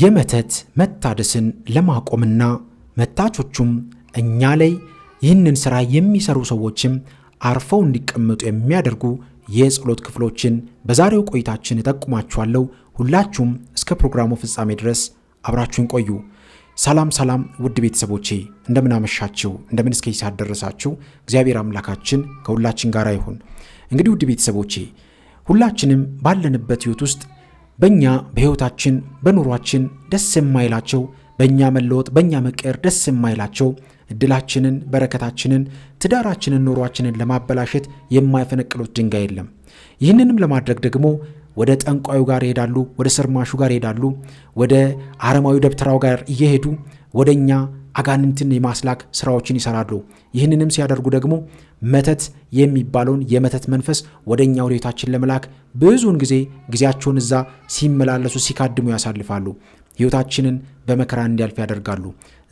የመተት መታደስን ለማቆምና መታቾቹም እኛ ላይ ይህንን ሥራ የሚሰሩ ሰዎችም አርፈው እንዲቀመጡ የሚያደርጉ የጸሎት ክፍሎችን በዛሬው ቆይታችን እጠቁማችኋለሁ። ሁላችሁም እስከ ፕሮግራሙ ፍጻሜ ድረስ አብራችሁን ቆዩ። ሰላም ሰላም፣ ውድ ቤተሰቦቼ እንደምናመሻችሁ፣ እንደምን እስከ ይሳት ደረሳችሁ። እግዚአብሔር አምላካችን ከሁላችን ጋር ይሁን። እንግዲህ ውድ ቤተሰቦቼ ሁላችንም ባለንበት ሕይወት ውስጥ በእኛ በሕይወታችን በኑሯችን ደስ የማይላቸው በእኛ መለወጥ በእኛ መቀየር ደስ የማይላቸው እድላችንን፣ በረከታችንን፣ ትዳራችንን፣ ኑሯችንን ለማበላሸት የማይፈነቅሉት ድንጋይ የለም። ይህንንም ለማድረግ ደግሞ ወደ ጠንቋዩ ጋር ይሄዳሉ፣ ወደ ሰርማሹ ጋር ይሄዳሉ፣ ወደ አረማዊ ደብተራው ጋር እየሄዱ ወደ እኛ አጋንንትን የማስላክ ስራዎችን ይሰራሉ። ይህንንም ሲያደርጉ ደግሞ መተት የሚባለውን የመተት መንፈስ ወደ እኛ ወደ ቤታችን ለመላክ ብዙውን ጊዜ ጊዜያቸውን እዛ ሲመላለሱ ሲካድሙ ያሳልፋሉ። ሕይወታችንን በመከራ እንዲያልፍ ያደርጋሉ።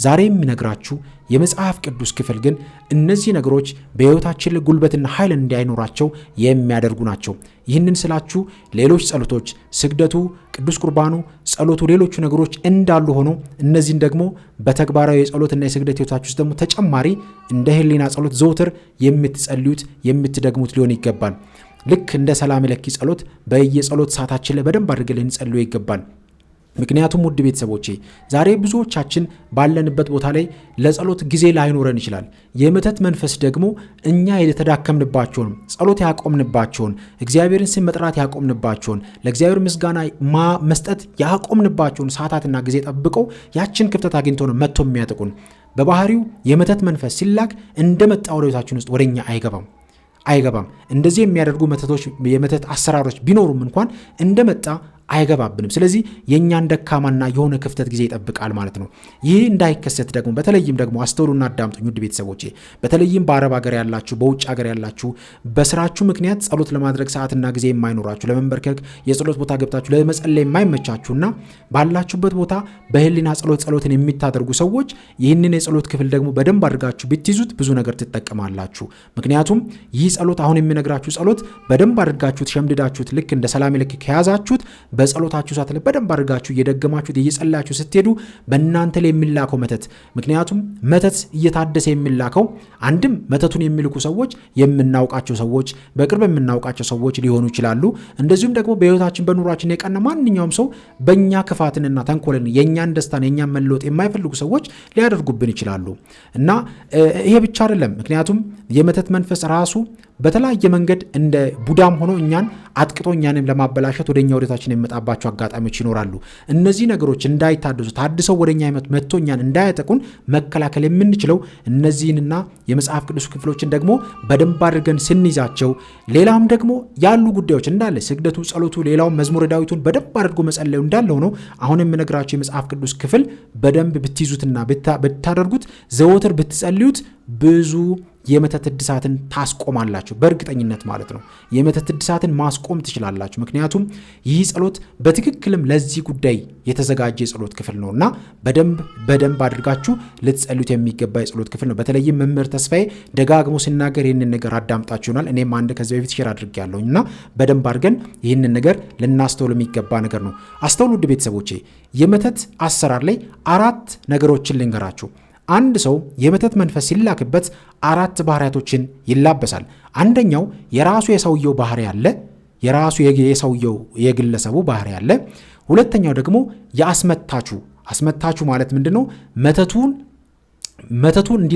ዛሬ የሚነግራችሁ የመጽሐፍ ቅዱስ ክፍል ግን እነዚህ ነገሮች በሕይወታችን ላይ ጉልበትና ኃይል እንዳይኖራቸው የሚያደርጉ ናቸው። ይህንን ስላችሁ ሌሎች ጸሎቶች፣ ስግደቱ፣ ቅዱስ ቁርባኑ፣ ጸሎቱ፣ ሌሎቹ ነገሮች እንዳሉ ሆኖ እነዚህን ደግሞ በተግባራዊ የጸሎትና የስግደት ሕይወታችሁ ውስጥ ደግሞ ተጨማሪ እንደ ህሊና ጸሎት ዘውትር የምትጸልዩት የምትደግሙት ሊሆን ይገባል። ልክ እንደ ሰላም ለኪ ጸሎት በየጸሎት ሰዓታችን ላይ በደንብ አድርገን ልንጸልዩ ይገባል። ምክንያቱም ውድ ቤተሰቦቼ ዛሬ ብዙዎቻችን ባለንበት ቦታ ላይ ለጸሎት ጊዜ ላይኖረን ይችላል። የመተት መንፈስ ደግሞ እኛ የተዳከምንባቸውን ጸሎት ያቆምንባቸውን እግዚአብሔርን ስም መጥራት ያቆምንባቸውን ለእግዚአብሔር ምስጋና መስጠት ያቆምንባቸውን ሰዓታትና ጊዜ ጠብቀው ያችን ክፍተት አግኝቶ ነው መጥቶ የሚያጥቁን። በባህሪው የመተት መንፈስ ሲላክ እንደ መጣ ወደ ቤታችን ውስጥ ወደኛ አይገባም አይገባም። እንደዚህ የሚያደርጉ መተቶች የመተት አሰራሮች ቢኖሩም እንኳን እንደመጣ አይገባብንም። ስለዚህ የእኛን ደካማና የሆነ ክፍተት ጊዜ ይጠብቃል ማለት ነው። ይህ እንዳይከሰት ደግሞ በተለይም ደግሞ አስተውሉና አዳምጡኝ ውድ ቤተሰቦቼ፣ በተለይም በአረብ ሀገር ያላችሁ፣ በውጭ ሀገር ያላችሁ በስራችሁ ምክንያት ጸሎት ለማድረግ ሰዓትና ጊዜ የማይኖራችሁ ለመንበርከክ የጸሎት ቦታ ገብታችሁ ለመጸለይ የማይመቻችሁና ባላችሁበት ቦታ በህሊና ጸሎት ጸሎትን የሚታደርጉ ሰዎች ይህንን የጸሎት ክፍል ደግሞ በደንብ አድርጋችሁ ብትይዙት ብዙ ነገር ትጠቀማላችሁ። ምክንያቱም ይህ ጸሎት አሁን የሚነግራችሁ ጸሎት በደንብ አድርጋችሁት ሸምድዳችሁት ልክ እንደ ሰላም ልክ ከያዛችሁት በጸሎታችሁ ሰዓት ላይ በደንብ አድርጋችሁ እየደገማችሁት እየጸላችሁ ስትሄዱ በእናንተ ላይ የሚላከው መተት ምክንያቱም መተት እየታደሰ የሚላከው አንድም መተቱን የሚልኩ ሰዎች የምናውቃቸው ሰዎች በቅርብ የምናውቃቸው ሰዎች ሊሆኑ ይችላሉ። እንደዚሁም ደግሞ በህይወታችን በኑሯችን የቀና ማንኛውም ሰው በእኛ ክፋትንና ተንኮልን የእኛን ደስታን የእኛን መለወጥ የማይፈልጉ ሰዎች ሊያደርጉብን ይችላሉ እና ይሄ ብቻ አይደለም። ምክንያቱም የመተት መንፈስ ራሱ በተለያየ መንገድ እንደ ቡዳም ሆኖ እኛን አጥቅቶ እኛንም ለማበላሸት ወደ እኛ ወደታችን የሚመጣባቸው አጋጣሚዎች ይኖራሉ። እነዚህ ነገሮች እንዳይታደሱ ታድሰው ወደ እኛ መጥቶ እኛን እንዳያጠቁን መከላከል የምንችለው እነዚህንና የመጽሐፍ ቅዱስ ክፍሎችን ደግሞ በደንብ አድርገን ስንይዛቸው፣ ሌላም ደግሞ ያሉ ጉዳዮች እንዳለ ስግደቱ፣ ጸሎቱ፣ ሌላውም መዝሙረ ዳዊቱን በደንብ አድርጎ መጸለዩ እንዳለ ሆኖ አሁን የምነግራቸው የመጽሐፍ ቅዱስ ክፍል በደንብ ብትይዙትና ብታደርጉት ዘወትር ብትጸልዩት ብዙ የመተት እድሳትን ታስቆማላችሁ፣ በእርግጠኝነት ማለት ነው። የመተት እድሳትን ማስቆም ትችላላችሁ። ምክንያቱም ይህ ጸሎት በትክክልም ለዚህ ጉዳይ የተዘጋጀ የጸሎት ክፍል ነው እና በደንብ በደንብ አድርጋችሁ ልትጸሉት የሚገባ የጸሎት ክፍል ነው። በተለይም መምህር ተስፋዬ ደጋግሞ ሲናገር ይህንን ነገር አዳምጣችሁ ይሆናል። እኔም አንድ ከዚህ በፊት ሼር አድርጌያለሁ እና በደንብ አድርገን ይህንን ነገር ልናስተውል የሚገባ ነገር ነው። አስተውል ውድ ቤተሰቦቼ፣ የመተት አሰራር ላይ አራት ነገሮችን ልንገራችሁ። አንድ ሰው የመተት መንፈስ ሲላክበት አራት ባህሪያቶችን ይላበሳል። አንደኛው የራሱ የሰውየው ባህሪ አለ፣ የራሱ የሰውየው የግለሰቡ ባህሪ አለ። ሁለተኛው ደግሞ የአስመታቹ አስመታቹ ማለት ምንድን ነው? መተቱን መተቱን እንዲ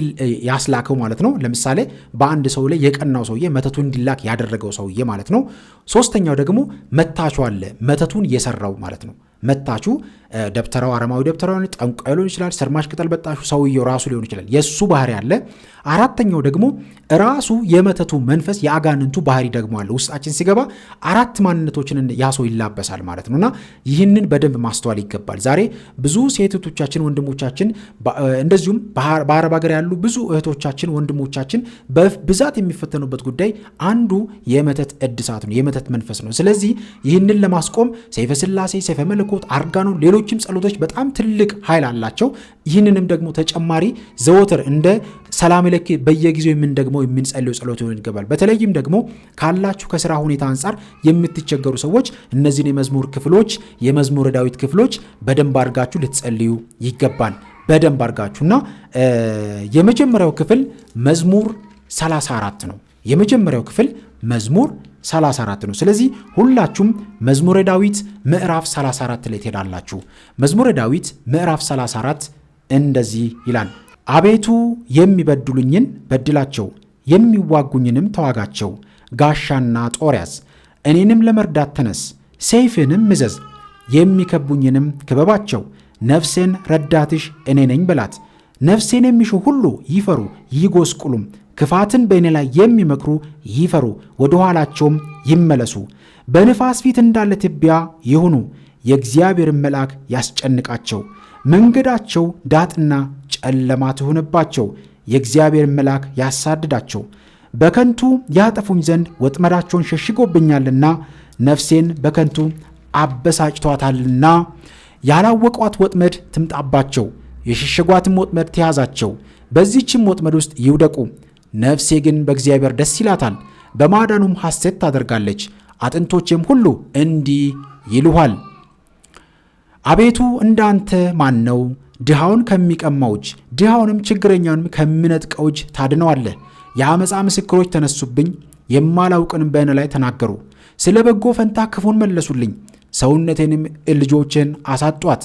ያስላከው ማለት ነው። ለምሳሌ በአንድ ሰው ላይ የቀናው ሰውዬ መተቱን እንዲላክ ያደረገው ሰውዬ ማለት ነው። ሶስተኛው ደግሞ መታቹ አለ፣ መተቱን የሰራው ማለት ነው። መታችሁ ደብተራው አረማዊ ደብተራው ጠንቋይ ሊሆን ይችላል። ስርማሽ ቅጠል በጣሹ ሰውየው ራሱ ሊሆን ይችላል። የእሱ ባህሪ አለ። አራተኛው ደግሞ ራሱ የመተቱ መንፈስ የአጋንንቱ ባህሪ ደግሞ አለ። ውስጣችን ሲገባ አራት ማንነቶችን ያ ሰው ይላበሳል ማለት ነው እና ይህንን በደንብ ማስተዋል ይገባል። ዛሬ ብዙ ሴቶቻችን ወንድሞቻችን፣ እንደዚሁም በአረብ ሀገር ያሉ ብዙ እህቶቻችን ወንድሞቻችን በብዛት የሚፈተኑበት ጉዳይ አንዱ የመተት እድሳት ነው፣ የመተት መንፈስ ነው። ስለዚህ ይህንን ለማስቆም ሰይፈ ስላሴ ሰይፈ መለኮ አርጋ ነው። ሌሎችም ጸሎቶች በጣም ትልቅ ኃይል አላቸው። ይህንንም ደግሞ ተጨማሪ ዘወትር እንደ ሰላም ለኪ በየጊዜው የምን ደግሞ የምንጸልዩ ጸሎት ሆኖ ይገባል። በተለይም ደግሞ ካላችሁ ከስራ ሁኔታ አንጻር የምትቸገሩ ሰዎች እነዚህን የመዝሙር ክፍሎች የመዝሙረ ዳዊት ክፍሎች በደንብ አድርጋችሁ ልትጸልዩ ይገባል። በደንብ አድርጋችሁና የመጀመሪያው ክፍል መዝሙር 34 ነው። የመጀመሪያው ክፍል መዝሙር 34 ነው። ስለዚህ ሁላችሁም መዝሙረ ዳዊት ምዕራፍ 34 ላይ ትሄዳላችሁ። መዝሙረ ዳዊት ምዕራፍ 34 እንደዚህ ይላል። አቤቱ የሚበድሉኝን በድላቸው፣ የሚዋጉኝንም ተዋጋቸው። ጋሻና ጦር ያዝ፣ እኔንም ለመርዳት ተነስ፣ ሰይፍንም ምዘዝ፣ የሚከቡኝንም ክበባቸው። ነፍሴን ረዳትሽ እኔ ነኝ በላት። ነፍሴን የሚሹ ሁሉ ይፈሩ ይጎስቁሉም ክፋትን በእኔ ላይ የሚመክሩ ይፈሩ፣ ወደ ኋላቸውም ይመለሱ። በንፋስ ፊት እንዳለ ትቢያ ይሁኑ። የእግዚአብሔርን መልአክ ያስጨንቃቸው፣ መንገዳቸው ዳጥና ጨለማ ትሁንባቸው። የእግዚአብሔርን መልአክ ያሳድዳቸው፣ በከንቱ ያጠፉኝ ዘንድ ወጥመዳቸውን ሸሽጎብኛልና ነፍሴን በከንቱ አበሳጭቷታልና። ያላወቋት ወጥመድ ትምጣባቸው፣ የሸሸጓትም ወጥመድ ትያዛቸው፣ በዚህችም ወጥመድ ውስጥ ይውደቁ። ነፍሴ ግን በእግዚአብሔር ደስ ይላታል፣ በማዳኑም ሐሴት ታደርጋለች። አጥንቶቼም ሁሉ እንዲህ ይልኋል። አቤቱ እንደ አንተ ማን ነው? ድሃውን ከሚቀማው እጅ ድሃውንም ችግረኛውንም ከሚነጥቀው እጅ ታድነዋለህ። የአመፃ ምስክሮች ተነሱብኝ፣ የማላውቅን በእኔ ላይ ተናገሩ። ስለ በጎ ፈንታ ክፉን መለሱልኝ፣ ሰውነቴንም ልጆችን አሳጧት።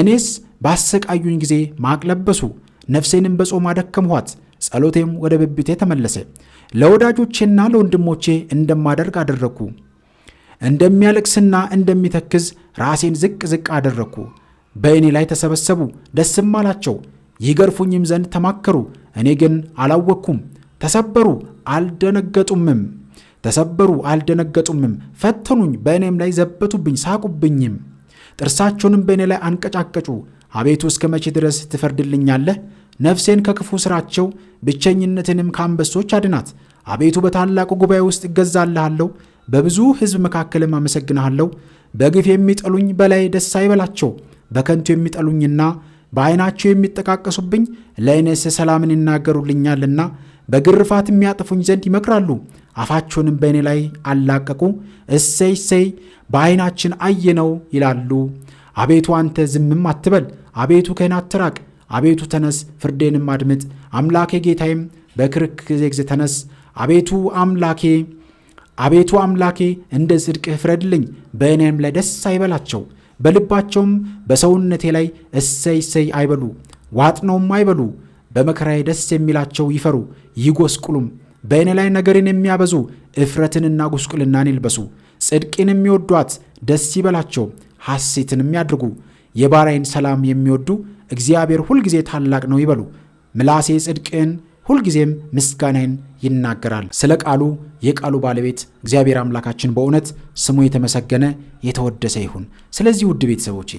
እኔስ ባሰቃዩኝ ጊዜ ማቅ ለበሱ፣ ነፍሴንም በጾም አደከምኋት። ጸሎቴም ወደ ብብቴ ተመለሰ። ለወዳጆቼና ለወንድሞቼ እንደማደርግ አደረግኩ። እንደሚያለቅስና እንደሚተክዝ ራሴን ዝቅ ዝቅ አደረግኩ። በእኔ ላይ ተሰበሰቡ፣ ደስም አላቸው። ይገርፉኝም ዘንድ ተማከሩ፣ እኔ ግን አላወቅኩም። ተሰበሩ፣ አልደነገጡምም። ተሰበሩ፣ አልደነገጡምም። ፈተኑኝ፣ በእኔም ላይ ዘበቱብኝ፣ ሳቁብኝም። ጥርሳቸውንም በእኔ ላይ አንቀጫቀጩ። አቤቱ እስከ መቼ ድረስ ትፈርድልኛለህ? ነፍሴን ከክፉ ሥራቸው ብቸኝነትንም ከአንበሶች አድናት። አቤቱ በታላቁ ጉባኤ ውስጥ እገዛልሃለሁ፣ በብዙ ሕዝብ መካከልም አመሰግንሃለሁ። በግፍ የሚጠሉኝ በላይ ደስ አይበላቸው። በከንቱ የሚጠሉኝና በዐይናቸው የሚጠቃቀሱብኝ ለእኔስ ሰላምን ይናገሩልኛልና በግርፋት የሚያጥፉኝ ዘንድ ይመክራሉ። አፋቸውንም በእኔ ላይ አላቀቁ፣ እሰይ እሰይ በዐይናችን አየነው ይላሉ። አቤቱ አንተ ዝምም አትበል፣ አቤቱ ከእኔ አትራቅ አቤቱ ተነስ፣ ፍርዴንም አድምጥ። አምላኬ ጌታዬም በክርክ ጊዜ ተነስ። አቤቱ አምላኬ አቤቱ አምላኬ እንደ ጽድቅህ ፍረድልኝ፣ በእኔም ላይ ደስ አይበላቸው። በልባቸውም በሰውነቴ ላይ እሰይ እሰይ አይበሉ፣ ዋጥነውም አይበሉ። በመከራዬ ደስ የሚላቸው ይፈሩ ይጎስቁሉም። በእኔ ላይ ነገርን የሚያበዙ እፍረትንና ጉስቁልናን ይልበሱ። ጽድቅን የሚወዷት ደስ ይበላቸው፣ ሐሴትንም ያድርጉ። የባሪያዬን ሰላም የሚወዱ እግዚአብሔር ሁልጊዜ ታላቅ ነው ይበሉ። ምላሴ ጽድቅን ሁልጊዜም ምስጋናን ይናገራል። ስለ ቃሉ የቃሉ ባለቤት እግዚአብሔር አምላካችን በእውነት ስሙ የተመሰገነ የተወደሰ ይሁን። ስለዚህ ውድ ቤተሰቦቼ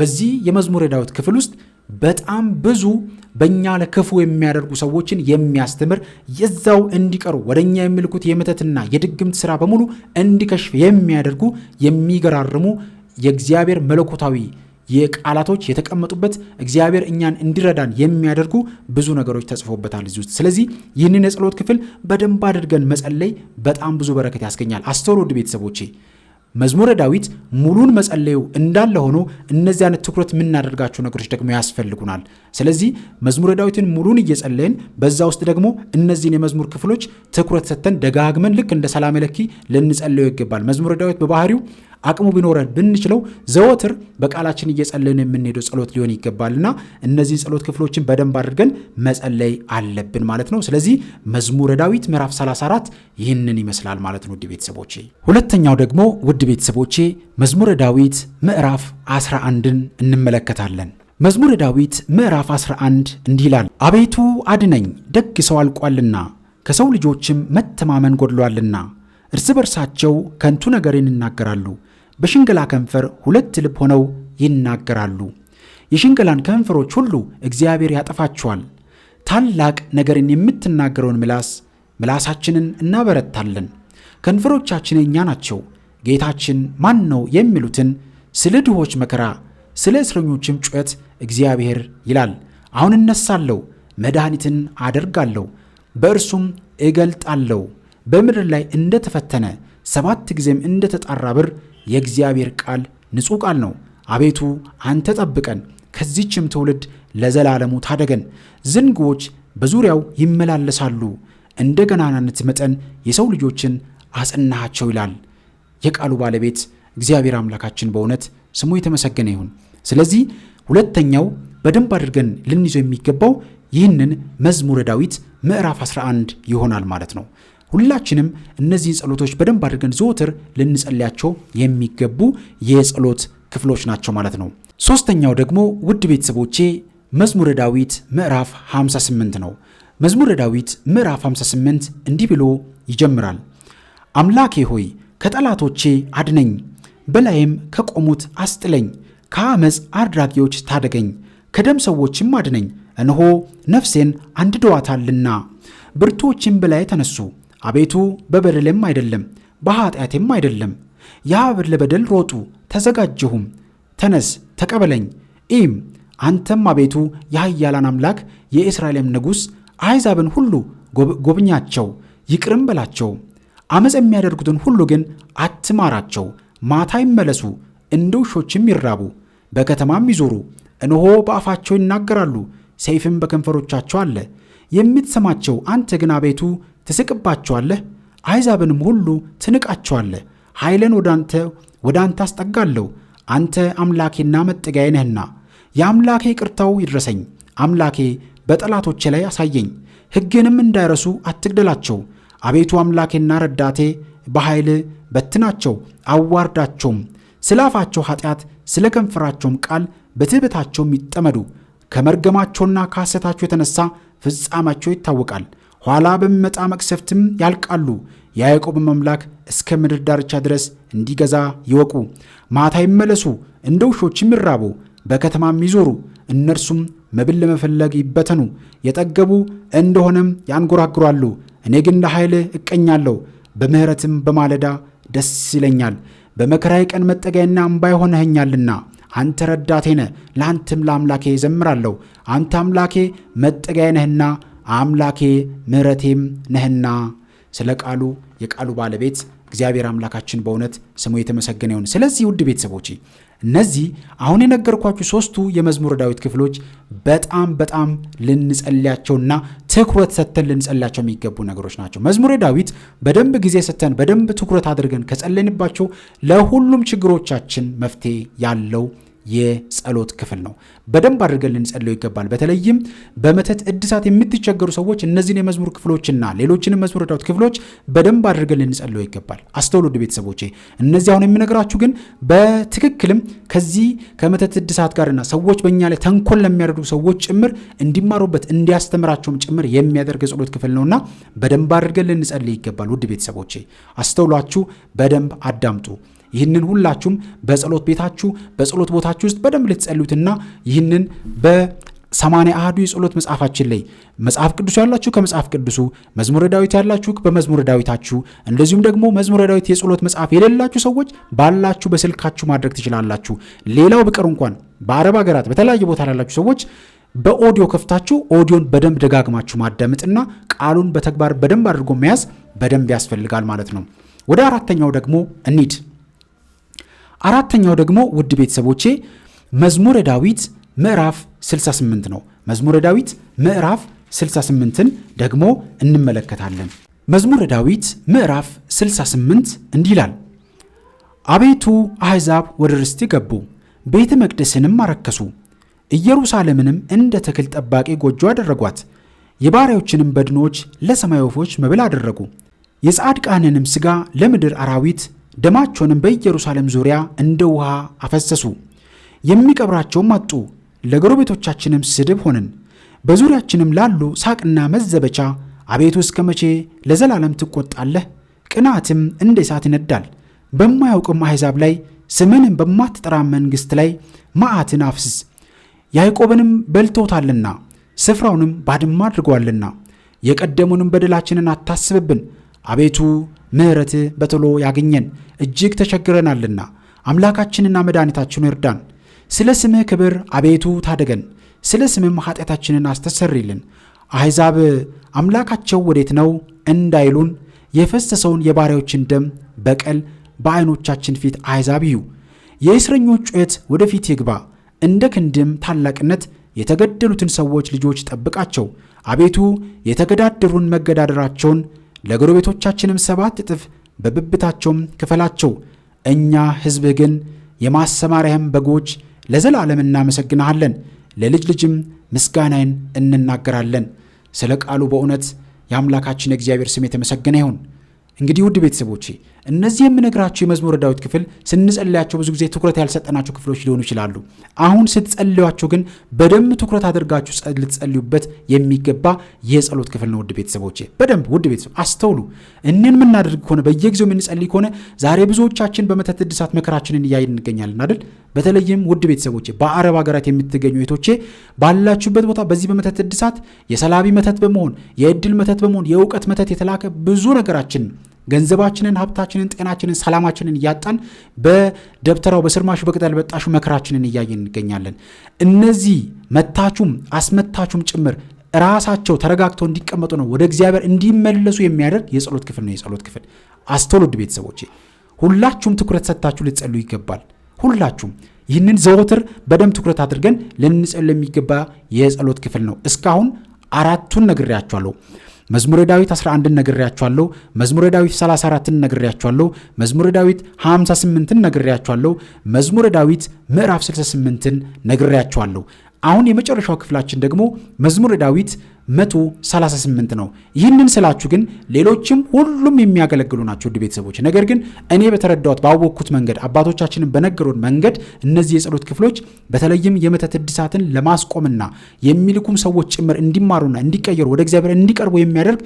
በዚህ የመዝሙረ ዳዊት ክፍል ውስጥ በጣም ብዙ በእኛ ለክፉ የሚያደርጉ ሰዎችን የሚያስተምር የዛው እንዲቀሩ ወደ እኛ የሚልኩት የምተትና የድግምት ስራ በሙሉ እንዲከሽፍ የሚያደርጉ የሚገራርሙ የእግዚአብሔር መለኮታዊ የቃላቶች የተቀመጡበት እግዚአብሔር እኛን እንዲረዳን የሚያደርጉ ብዙ ነገሮች ተጽፎበታል እዚህ ውስጥ። ስለዚህ ይህንን የጸሎት ክፍል በደንብ አድርገን መጸለይ በጣም ብዙ በረከት ያስገኛል። አስተውሉ ውድ ቤተሰቦቼ። መዝሙረ ዳዊት ሙሉን መጸለዩ እንዳለ ሆኖ እነዚህ አይነት ትኩረት የምናደርጋቸው ነገሮች ደግሞ ያስፈልጉናል። ስለዚህ መዝሙረ ዳዊትን ሙሉን እየጸለይን በዛ ውስጥ ደግሞ እነዚህን የመዝሙር ክፍሎች ትኩረት ሰጥተን ደጋግመን ልክ እንደ ሰላም ለኪ ልንጸልየው ይገባል። መዝሙረ ዳዊት በባህሪው አቅሙ ቢኖረን ብንችለው ዘወትር በቃላችን እየጸለይን የምንሄደው ጸሎት ሊሆን ይገባልና እነዚህን ጸሎት ክፍሎችን በደንብ አድርገን መጸለይ አለብን ማለት ነው። ስለዚህ መዝሙረ ዳዊት ምዕራፍ 34 ይህንን ይመስላል ማለት ነው። ውድ ቤተሰቦቼ፣ ሁለተኛው ደግሞ ውድ ቤተሰቦቼ መዝሙረ ዳዊት ምዕራፍ 11ን እንመለከታለን። መዝሙረ ዳዊት ምዕራፍ 11 እንዲህ ይላል፣ አቤቱ አድነኝ፣ ደግ ሰው አልቋልና ከሰው ልጆችም መተማመን ጎድሏልና። እርስ በርሳቸው ከንቱ ነገርን ይናገራሉ፣ በሽንገላ ከንፈር ሁለት ልብ ሆነው ይናገራሉ። የሽንገላን ከንፈሮች ሁሉ እግዚአብሔር ያጠፋቸዋል። ታላቅ ነገርን የምትናገረውን ምላስ ምላሳችንን እናበረታለን። ከንፈሮቻችን እኛ ናቸው ጌታችን ማን ነው የሚሉትን ስለ ድሆች መከራ ስለ እስረኞችም ጩኸት እግዚአብሔር ይላል፣ አሁን እነሳለሁ፣ መድኃኒትን አደርጋለሁ፣ በእርሱም እገልጣለሁ። በምድር ላይ እንደተፈተነ ሰባት ጊዜም እንደተጣራ ብር የእግዚአብሔር ቃል ንጹሕ ቃል ነው። አቤቱ አንተ ጠብቀን፣ ከዚችም ትውልድ ለዘላለሙ ታደገን። ዝንጉዎች በዙሪያው ይመላለሳሉ፣ እንደ ገናናነት መጠን የሰው ልጆችን አጸናሃቸው ይላል የቃሉ ባለቤት እግዚአብሔር አምላካችን በእውነት ስሙ የተመሰገነ ይሁን። ስለዚህ ሁለተኛው በደንብ አድርገን ልንይዘው የሚገባው ይህንን መዝሙረ ዳዊት ምዕራፍ 11 ይሆናል ማለት ነው። ሁላችንም እነዚህን ጸሎቶች በደንብ አድርገን ዘወትር ልንጸልያቸው የሚገቡ የጸሎት ክፍሎች ናቸው ማለት ነው። ሶስተኛው ደግሞ ውድ ቤተሰቦቼ መዝሙረ ዳዊት ምዕራፍ 58 ነው። መዝሙረ ዳዊት ምዕራፍ 58 እንዲህ ብሎ ይጀምራል። አምላኬ ሆይ ከጠላቶቼ አድነኝ፣ በላይም ከቆሙት አስጥለኝ ከአመፅ አድራጊዎች ታደገኝ፣ ከደም ሰዎችም አድነኝ፣ እነሆ ነፍሴን አንድደዋታልና። ብርቶችም በላይ ተነሱ። አቤቱ በበደሌም አይደለም በኃጢአቴም አይደለም። የአበድ ለበደል ሮጡ፣ ተዘጋጀሁም። ተነስ ተቀበለኝ፣ ኢም አንተም አቤቱ የኃያላን አምላክ የእስራኤልም ንጉሥ አሕዛብን ሁሉ ጎብኛቸው፣ ይቅርም በላቸው። አመፅ የሚያደርጉትን ሁሉ ግን አትማራቸው። ማታ ይመለሱ እንደ ውሾችም ይራቡ፣ በከተማም ይዞሩ፣ እነሆ በአፋቸው ይናገራሉ፣ ሰይፍም በከንፈሮቻቸው አለ። የምትሰማቸው አንተ ግን አቤቱ ትስቅባቸዋለህ፣ አሕዛብንም ሁሉ ትንቃቸዋለህ። ኃይልን ወደ አንተ ወደ አንተ አስጠጋለሁ፣ አንተ አምላኬና መጠጊያዬ ነህና። የአምላኬ ይቅርታው ይድረሰኝ፣ አምላኬ በጠላቶቼ ላይ አሳየኝ። ሕግንም እንዳይረሱ አትግደላቸው። አቤቱ አምላኬና ረዳቴ በኃይል በትናቸው፣ አዋርዳቸውም ስለ አፋቸው ኃጢአት ስለ ከንፈራቸውም ቃል በትዕበታቸውም ይጠመዱ። ከመርገማቸውና ከሐሰታቸው የተነሳ ፍጻማቸው ይታወቃል። ኋላ በሚመጣ መቅሰፍትም ያልቃሉ። የያዕቆብ አምላክ እስከ ምድር ዳርቻ ድረስ እንዲገዛ ይወቁ። ማታ ይመለሱ፣ እንደ ውሾችም ይራቡ፣ በከተማም ይዞሩ። እነርሱም መብል ለመፈለግ ይበተኑ፣ የጠገቡ እንደሆነም ያንጎራጉራሉ። እኔ ግን ለኃይል እቀኛለሁ፣ በምሕረትም በማለዳ ደስ ይለኛል። በመከራዬ ቀን መጠጊያና አምባ ሆነኸኛልና አንተ ረዳቴ ነህ፣ ለአንተም ለአምላኬ ዘምራለሁ። አንተ አምላኬ መጠጊያዬ ነህና አምላኬ ምሕረቴም ነህና። ስለ ቃሉ የቃሉ ባለቤት እግዚአብሔር አምላካችን በእውነት ስሙ የተመሰገነ ይሁን። ስለዚህ ውድ ቤተሰቦቼ እነዚህ አሁን የነገርኳችሁ ሶስቱ የመዝሙረ ዳዊት ክፍሎች በጣም በጣም ልንጸልያቸውና ትኩረት ሰጥተን ልንጸልያቸው የሚገቡ ነገሮች ናቸው። መዝሙረ ዳዊት በደንብ ጊዜ ሰጥተን በደንብ ትኩረት አድርገን ከጸለንባቸው ለሁሉም ችግሮቻችን መፍትሄ ያለው የጸሎት ክፍል ነው። በደንብ አድርገን ልንጸልየው ይገባል። በተለይም በመተት እድሳት የምትቸገሩ ሰዎች እነዚህን የመዝሙር ክፍሎችና ሌሎችንም መዝሙር ዳዊት ክፍሎች በደንብ አድርገን ልንጸልየው ይገባል። አስተውሉድ ቤተሰቦቼ። እነዚህ አሁን የምነግራችሁ ግን በትክክልም ከዚህ ከመተት እድሳት ጋርና ሰዎች በእኛ ላይ ተንኮል ለሚያደርጉ ሰዎች ጭምር እንዲማሩበት እንዲያስተምራቸውም ጭምር የሚያደርግ የጸሎት ክፍል ነውና በደንብ አድርገን ልንጸልይ ይገባል። ውድ ቤተሰቦቼ አስተውሏችሁ በደንብ አዳምጡ። ይህንን ሁላችሁም በጸሎት ቤታችሁ በጸሎት ቦታችሁ ውስጥ በደንብ ልትጸልዩትና ይህንን በ ሰማንያ አህዱ የጸሎት መጽሐፋችን ላይ መጽሐፍ ቅዱስ ያላችሁ ከመጽሐፍ ቅዱሱ፣ መዝሙረ ዳዊት ያላችሁ በመዝሙረ ዳዊታችሁ፣ እንደዚሁም ደግሞ መዝሙረ ዳዊት የጸሎት መጽሐፍ የሌላችሁ ሰዎች ባላችሁ በስልካችሁ ማድረግ ትችላላችሁ። ሌላው ብቀር እንኳን በአረብ ሀገራት በተለያየ ቦታ ላላችሁ ሰዎች በኦዲዮ ከፍታችሁ ኦዲዮን በደንብ ደጋግማችሁ ማዳመጥና ቃሉን በተግባር በደንብ አድርጎ መያዝ በደንብ ያስፈልጋል ማለት ነው። ወደ አራተኛው ደግሞ እንሂድ። አራተኛው ደግሞ ውድ ቤተሰቦቼ መዝሙረ ዳዊት ምዕራፍ 68 ነው። መዝሙረ ዳዊት ምዕራፍ 68ን ደግሞ እንመለከታለን። መዝሙረ ዳዊት ምዕራፍ 68 እንዲህ ይላል። አቤቱ አሕዛብ ወደ ርስት ገቡ፣ ቤተ መቅደስንም አረከሱ። ኢየሩሳሌምንም እንደ ተክል ጠባቂ ጎጆ አደረጓት። የባሪያዎችንም በድኖች ለሰማይ ወፎች መብል አደረጉ። የጻድቃንንም ሥጋ ለምድር አራዊት ደማቸውንም በኢየሩሳሌም ዙሪያ እንደ ውሃ አፈሰሱ። የሚቀብራቸውም አጡ። ለጎረቤቶቻችንም ስድብ ሆንን። በዙሪያችንም ላሉ ሳቅና መዘበቻ አቤቱ እስከ መቼ ለዘላለም ትቆጣለህ? ቅናትም እንደ እሳት ይነዳል። በማያውቅም አሕዛብ ላይ ስምንም በማትጠራ መንግሥት ላይ መዓትን አፍስስ። ያዕቆብንም በልቶታልና ስፍራውንም ባድማ አድርጓልና የቀደሙንም በደላችንን አታስብብን አቤቱ ምህረት በቶሎ ያገኘን እጅግ ተቸግረናልና። አምላካችንና መድኃኒታችን እርዳን። ስለ ስምህ ክብር አቤቱ ታደገን፣ ስለ ስምም ኃጢአታችንን አስተሰርይልን። አሕዛብ አምላካቸው ወዴት ነው እንዳይሉን የፈሰሰውን የባሪያዎችን ደም በቀል በዐይኖቻችን ፊት አሕዛብ ይዩ። የእስረኞች ጩኸት ወደፊት ይግባ። እንደ ክንድም ታላቅነት የተገደሉትን ሰዎች ልጆች ጠብቃቸው። አቤቱ የተገዳደሩን መገዳደራቸውን ለጎረቤቶቻችንም ሰባት እጥፍ በብብታቸውም ክፈላቸው። እኛ ሕዝብህ ግን የማሰማሪያህም በጎች ለዘላለም እናመሰግንሃለን፣ ለልጅ ልጅም ምስጋናን እንናገራለን። ስለ ቃሉ በእውነት የአምላካችን የእግዚአብሔር ስም የተመሰገነ ይሁን። እንግዲህ ውድ ቤተሰቦቼ እነዚህ የምነግራቸው የመዝሙረ ዳዊት ክፍል ስንጸልያቸው ብዙ ጊዜ ትኩረት ያልሰጠናቸው ክፍሎች ሊሆኑ ይችላሉ። አሁን ስትጸልያቸው ግን በደንብ ትኩረት አድርጋችሁ ልትጸልዩበት የሚገባ የጸሎት ክፍል ነው። ውድ ቤተሰቦቼ በደንብ ውድ ቤተሰብ አስተውሉ። እንን የምናደርግ ከሆነ በየጊዜው የምንጸልይ ከሆነ ዛሬ ብዙዎቻችን በመተት እድሳት መከራችንን እያየን እንገኛለን አይደል? በተለይም ውድ ቤተሰቦቼ በአረብ ሀገራት የምትገኙ እህቶቼ ባላችሁበት ቦታ በዚህ በመተት እድሳት የሰላቢ መተት በመሆን የእድል መተት በመሆን የእውቀት መተት የተላከ ብዙ ነገራችን ገንዘባችንን፣ ሀብታችንን፣ ጤናችንን፣ ሰላማችንን እያጣን በደብተራው በስርማሹ በቅጠል በጣሹ መከራችንን እያየን እንገኛለን። እነዚህ መታችሁም አስመታችሁም ጭምር ራሳቸው ተረጋግተው እንዲቀመጡ ነው ወደ እግዚአብሔር እንዲመለሱ የሚያደርግ የጸሎት ክፍል ነው። የጸሎት ክፍል አስተውሉድ ቤተሰቦቼ፣ ሁላችሁም ትኩረት ሰጥታችሁ ልጸሉ ይገባል። ሁላችሁም ይህንን ዘወትር በደንብ ትኩረት አድርገን ልንጸልዩ የሚገባ የጸሎት ክፍል ነው። እስካሁን አራቱን ነግሬያችኋለሁ። መዝሙረ ዳዊት 11ን ነግሬያችኋለሁ። መዝሙረ ዳዊት 34ን ነግሬያችኋለሁ። መዝሙረ ዳዊት 58ን ነግሬያችኋለሁ። መዝሙረ ዳዊት ምዕራፍ 68ን ነግሬያችኋለሁ። አሁን የመጨረሻው ክፍላችን ደግሞ መዝሙር ዳዊት 138 ነው። ይህንን ስላችሁ ግን ሌሎችም ሁሉም የሚያገለግሉ ናቸው ውድ ቤተሰቦች። ነገር ግን እኔ በተረዳሁት ባወቅኩት መንገድ አባቶቻችንን በነገሩን መንገድ እነዚህ የጸሎት ክፍሎች በተለይም የመተት እድሳትን ለማስቆምና የሚልኩም ሰዎች ጭምር እንዲማሩና እንዲቀየሩ ወደ እግዚአብሔር እንዲቀርቡ የሚያደርግ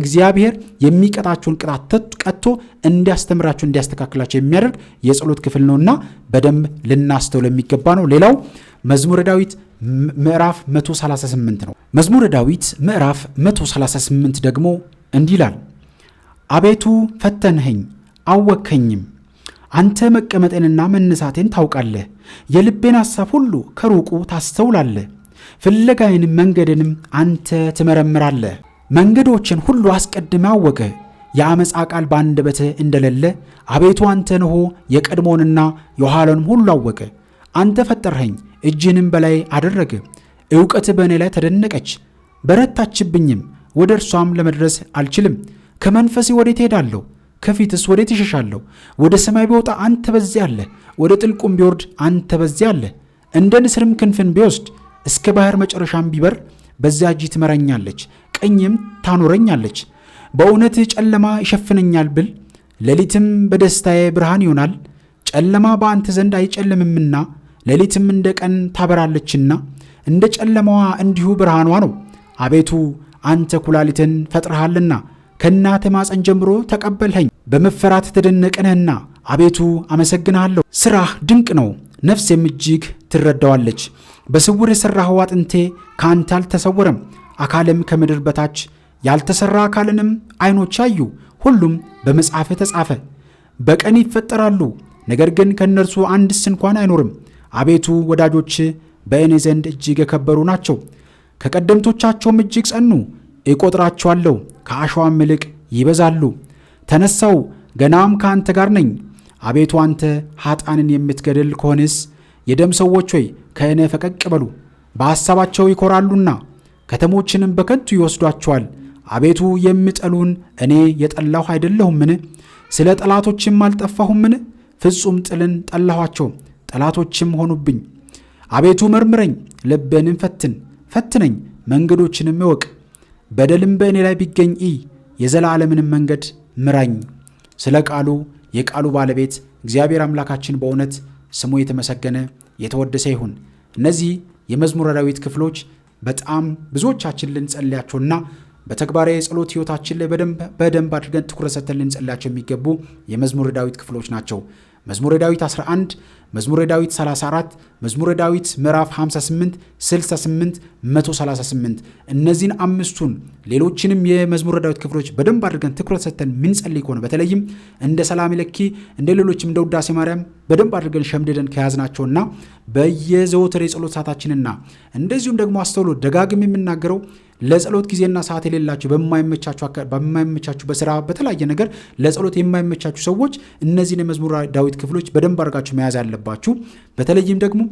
እግዚአብሔር የሚቀጣቸውን ቅጣት ቀጥቶ እንዲያስተምራቸው እንዲያስተካክላቸው የሚያደርግ የጸሎት ክፍል ነውና በደንብ ልናስተውል የሚገባ ነው። ሌላው መዝሙረ ዳዊት ምዕራፍ 138 ነው። መዝሙረ ዳዊት ምዕራፍ 138 ደግሞ እንዲህ ይላል፣ አቤቱ ፈተንኸኝ አወከኝም፣ አንተ መቀመጤንና መነሳቴን ታውቃለህ። የልቤን ሐሳብ ሁሉ ከሩቁ ታስተውላለህ። ፍለጋዬንም መንገድንም አንተ ትመረምራለህ። መንገዶችን ሁሉ አስቀድመ አወቀ። የአመፃ ቃል በአንደበትህ እንደሌለ አቤቱ አንተ ነሆ የቀድሞንና የኋላንም ሁሉ አወቀ። አንተ ፈጠርኸኝ፣ እጅንም በላይ አደረገ። እውቀት በእኔ ላይ ተደነቀች፣ በረታችብኝም። ወደ እርሷም ለመድረስ አልችልም። ከመንፈሴ ወዴት እሄዳለሁ? ከፊትስ ወዴት እሸሻለሁ? ወደ ሰማይ ቢወጣ አንተ በዚያ አለ፣ ወደ ጥልቁም ቢወርድ አንተ በዚያ አለ። እንደ ንስርም ክንፍን ቢወስድ እስከ ባህር መጨረሻም ቢበር በዚያ እጅ ትመራኛለች፣ ቀኝም ታኖረኛለች። በእውነት ጨለማ ይሸፍነኛል ብል ሌሊትም በደስታዬ ብርሃን ይሆናል። ጨለማ በአንተ ዘንድ አይጨልምምና ሌሊትም እንደ ቀን ታበራለችና እንደ ጨለማዋ እንዲሁ ብርሃኗ ነው። አቤቱ አንተ ኩላሊትን ፈጥረሃልና ከእናተ ማፀን ጀምሮ ተቀበልኸኝ። በመፈራት ተደነቅንህና አቤቱ አመሰግንሃለሁ። ሥራህ ድንቅ ነው፣ ነፍሴም እጅግ ትረዳዋለች። በስውር የሠራኸው አጥንቴ ከአንተ አልተሰወረም። አካልም ከምድር በታች ያልተሠራ አካልንም ዐይኖች አዩ። ሁሉም በመጽሐፍ ተጻፈ። በቀን ይፈጠራሉ፣ ነገር ግን ከእነርሱ አንድስ እንኳን አይኖርም። አቤቱ ወዳጆች በእኔ ዘንድ እጅግ የከበሩ ናቸው፣ ከቀደምቶቻቸውም እጅግ ጸኑ። እቆጥራቸዋለሁ፣ ከአሸዋም ይልቅ ይበዛሉ። ተነሳው፣ ገናም ከአንተ ጋር ነኝ። አቤቱ አንተ ኃጣንን የምትገድል ከሆንስ የደም ሰዎች ሆይ ከእኔ ፈቀቅ በሉ። በሐሳባቸው ይኮራሉና ከተሞችንም በከንቱ ይወስዷቸዋል። አቤቱ የምጠሉን እኔ የጠላሁ አይደለሁምን? ስለ ጠላቶችም አልጠፋሁምን? ፍጹም ጥልን ጠላኋቸው። ጠላቶችም ሆኑብኝ። አቤቱ መርምረኝ፣ ልቤንም ፈትን፣ ፈትነኝ፣ መንገዶችንም እወቅ። በደልም በእኔ ላይ ቢገኝ እይ፣ የዘላለምንም መንገድ ምራኝ። ስለ ቃሉ የቃሉ ባለቤት እግዚአብሔር አምላካችን በእውነት ስሙ የተመሰገነ የተወደሰ ይሁን። እነዚህ የመዝሙረ ዳዊት ክፍሎች በጣም ብዙዎቻችን ልንጸልያቸውና በተግባራዊ የጸሎት ሕይወታችን ላይ በደንብ አድርገን ትኩረት ሰጥተን ልንጸልያቸው የሚገቡ የመዝሙረ ዳዊት ክፍሎች ናቸው። መዝሙረ ዳዊት 11 መዝሙረ ዳዊት 34 መዝሙረ ዳዊት ምዕራፍ 58 68 138 እነዚህን አምስቱን ሌሎችንም የመዝሙረ ዳዊት ክፍሎች በደንብ አድርገን ትኩረት ሰጥተን ምንጸልይ ከሆነ በተለይም እንደ ሰላም ለኪ እንደ ሌሎችም እንደ ውዳሴ ማርያም በደንብ አድርገን ሸምድደን ከያዝናቸውና በየዘወትር የጸሎት ሰዓታችንና እንደዚሁም ደግሞ አስተውሎ ደጋግም የምናገረው ለጸሎት ጊዜና ሰዓት የሌላቸው በማይመቻችሁ በስራ በተለያየ ነገር ለጸሎት የማይመቻችሁ ሰዎች እነዚህን የመዝሙር ዳዊት ክፍሎች በደንብ አድርጋችሁ መያዝ ያለባችሁ። በተለይም ደግሞ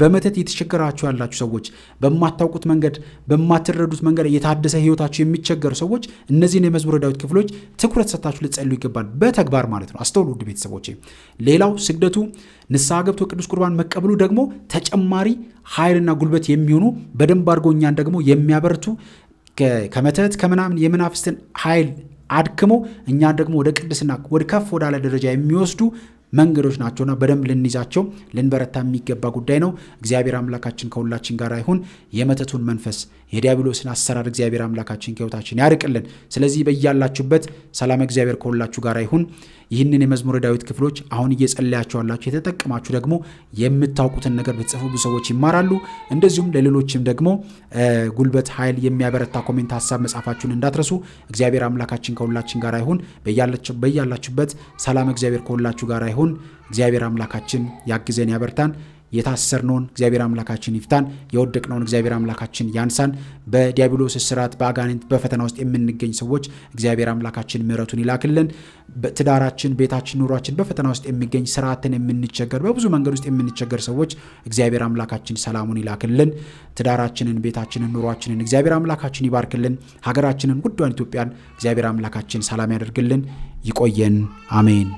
በመተት የተቸገራችሁ ያላችሁ ሰዎች፣ በማታውቁት መንገድ በማትረዱት መንገድ የታደሰ ህይወታችሁ የሚቸገሩ ሰዎች እነዚህን የመዝሙር ዳዊት ክፍሎች ትኩረት ሰጥታችሁ ልጸሉ ይገባል። በተግባር ማለት ነው። አስተውሉ ውድ ቤተሰቦቼ። ሌላው ስግደቱ ንስሐ ገብቶ ቅዱስ ቁርባን መቀበሉ ደግሞ ተጨማሪ ኃይልና ጉልበት የሚሆኑ በደንብ አድርጎ እኛን ደግሞ የሚያበርቱ ከመተት ከምናምን የመናፍስትን ኃይል አድክሞ እኛን ደግሞ ወደ ቅድስና ወደ ከፍ ወዳለ ደረጃ የሚወስዱ መንገዶች ናቸውና በደንብ ልንይዛቸው ልንበረታ የሚገባ ጉዳይ ነው። እግዚአብሔር አምላካችን ከሁላችን ጋር ይሁን። የመተቱን መንፈስ የዲያብሎስን አሰራር እግዚአብሔር አምላካችን ከሕይወታችን ያርቅልን። ስለዚህ በያላችሁበት ሰላም እግዚአብሔር ከሁላችሁ ጋር ይሁን። ይህንን የመዝሙረ ዳዊት ክፍሎች አሁን እየጸለያቸው ያላችሁ የተጠቀማችሁ ደግሞ የምታውቁትን ነገር ብትጽፉ ብዙ ሰዎች ይማራሉ። እንደዚሁም ለሌሎችም ደግሞ ጉልበት፣ ኃይል የሚያበረታ ኮሜንት፣ ሀሳብ መጻፋችሁን እንዳትረሱ። እግዚአብሔር አምላካችን ከሁላችን ጋር ይሁን። በያላችሁበት ሰላም እግዚአብሔር ከሁላችሁ ጋር ይሁን። እንዳይሆን እግዚአብሔር አምላካችን ያግዘን፣ ያበርታን። የታሰርነውን እግዚአብሔር አምላካችን ይፍታን። የወደቅነውን እግዚአብሔር አምላካችን ያንሳን። በዲያብሎስ እስራት፣ በአጋንንት፣ በፈተና ውስጥ የምንገኝ ሰዎች እግዚአብሔር አምላካችን ምሕረቱን ይላክልን። ትዳራችን ቤታችን፣ ኑሯችን በፈተና ውስጥ የሚገኝ ስርዓትን የምንቸገር በብዙ መንገድ ውስጥ የምንቸገር ሰዎች እግዚአብሔር አምላካችን ሰላሙን ይላክልን። ትዳራችንን፣ ቤታችንን፣ ኑሯችንን እግዚአብሔር አምላካችን ይባርክልን። ሀገራችንን ውዷን ኢትዮጵያን እግዚአብሔር አምላካችን ሰላም ያደርግልን። ይቆየን። አሜን።